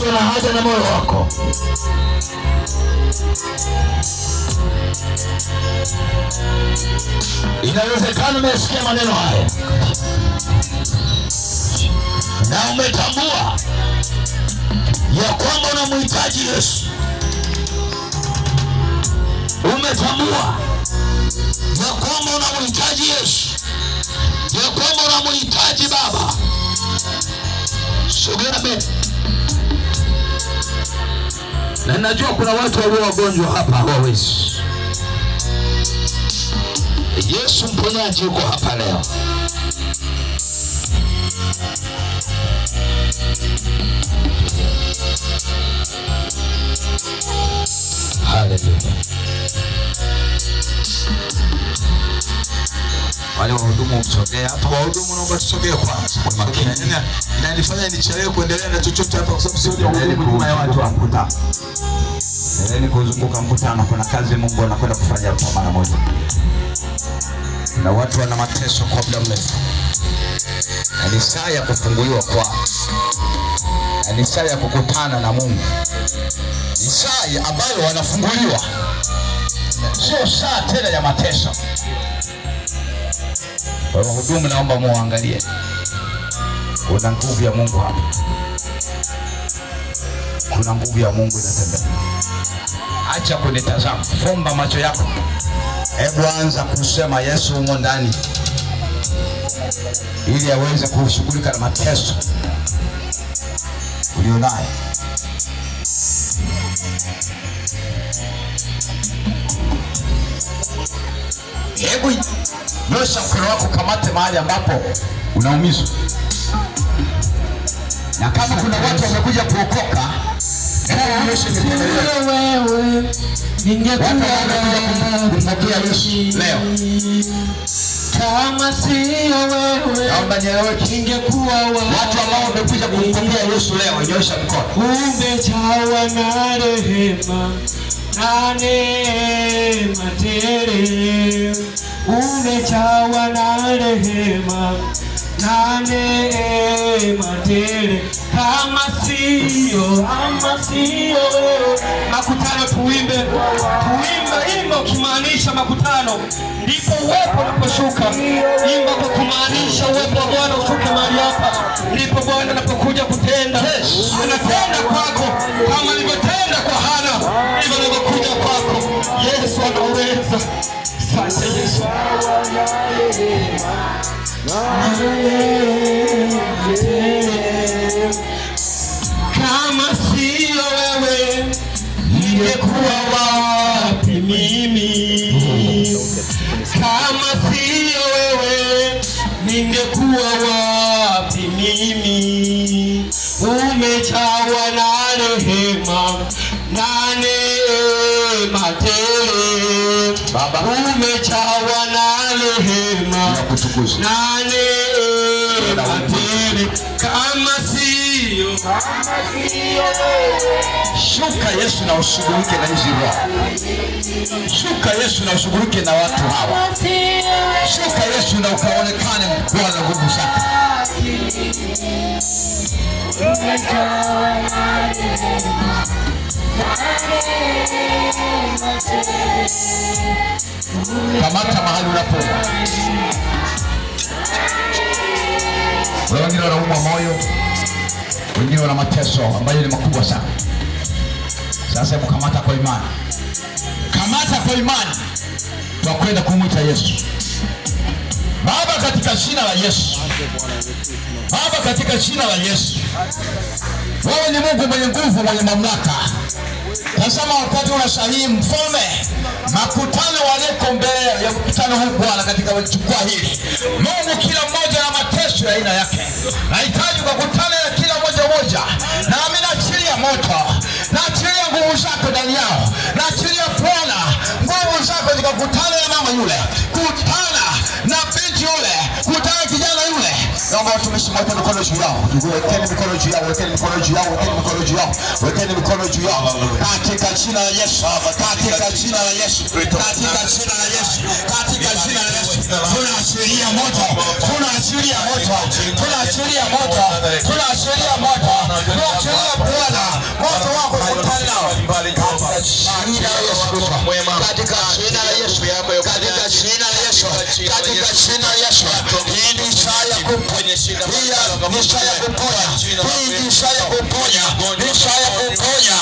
Yesu ana haja na moyo wako. Inawezekana umesikia maneno haya na umetambua ya kwamba unamhitaji Yesu, umetambua ya kwamba unamhitaji Yesu, ya kwamba unamhitaji Baba. Sogea mbele na najua kuna watu walio wagonjwa hapa always. Yesu mponyaji yuko hapa leo. Haleluya. Wale wahudumu msogee hapa, wahudumu naomba tusogee kwanza kwa makini. Inanifanya nichelewe kuendelea na chochote hapa kwa sababu sio nyuma ya watu ni kuzunguka mkutano, kuna kazi Mungu anakwenda kufanya kwa mara moja, na watu wana mateso kwa muda mrefu, na ni saa ya kufunguliwa kwa na ni saa ya kukutana na Mungu, ni saa ambayo wanafunguliwa, sio saa tena ya mateso. Kwa wahudumu, naomba muangalie, kuna nguvu ya Mungu hapa, kuna nguvu ya Mungu inatembea acha kunitazama, fumba macho yako, hebu anza kusema Yesu umo ndani, ili aweze kushughulika na mateso ulionayo. Hebu nyosha mkono wako, kamate mahali ambapo unaumizwa, na kama kuna watu wamekuja kuokoka sio wewe ningekuwa leo kama sio wewe, naomba nieleweke, ningekuwa watu ambao wamekuja kumkumbatia Yesu leo, nyosha mkono. Kumbe na rehema na neema tele, kumbe na rehema na neema eh, tele, kama sio kama sio wewe. Makutano tuimbe, tuimbe imba ukimaanisha makutano, ndipo uwepo unaposhuka. Imba kwa kumaanisha uwepo wa Bwana ushuke mahali hapa, ndipo Bwana anapokuja kutenda, anatenda kwako kama kama siyo wewe ningekuwa wapi mimi? Umejawa na rehema na neema tele, umejawa na rehema na neema kama sio shuka Yesu na ushughulike na hizi roho. Shuka Yesu na ushughulike na watu hawa. Shuka Yesu na ukaonekane na nguvu zako. Kamata mahali unapoa kuna wengine wanaumwa moyo, wengine wana mateso ambayo ni makubwa sana. Sasa hebu kamata kwa imani, kamata kwa imani, twakwenda kumwita Yesu. Baba, katika jina la Yesu, Baba, katika jina la Yesu, wewe ni Mungu mwenye nguvu, mwenye mamlaka. Tazama, wakati unasahihi mfalme, makutano waliko mbele ya mkutano huu, Bwana, katika jukwaa hili, Mungu, kila mmoja na mateso ya aina yake Nahitaji ukakutane na kila moja moja, nami naachilia moto, naachilia nguvu zako ndani yao, naachilia Bwana nguvu zako zikakutana na mama yule, kutana na binti yule, kutana kijana yule. Naomba watumishi wote mikono juu yao, wekeni mikono juu yao, wekeni mikono juu yao, wekeni mikono juu yao, wekeni mikono juu yao, katika jina la Yesu, katika jina la Yesu, katika jina la Yesu. tunaashiria moto, tunaashiria moto, tunaashiria moto, tunaashiria Bwana moto wako kukutana nao jina la Yesu Kristo, katika jina la Yesu, katika jina la Yesu, katika jina la Yesu. Hii ni saa ya kuponya, hii ni saa ya kuponya, hii ni saa ya kuponya, ni saa ya kuponya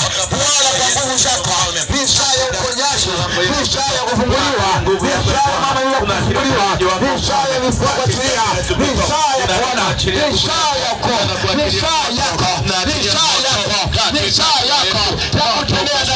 kufunguliwa, rishaa ya vifua kuachilia, rishaa ya kuona, rishaa ya wokovu, rishaa yako, rishaa yako, rishaa yako ya kutembea ndani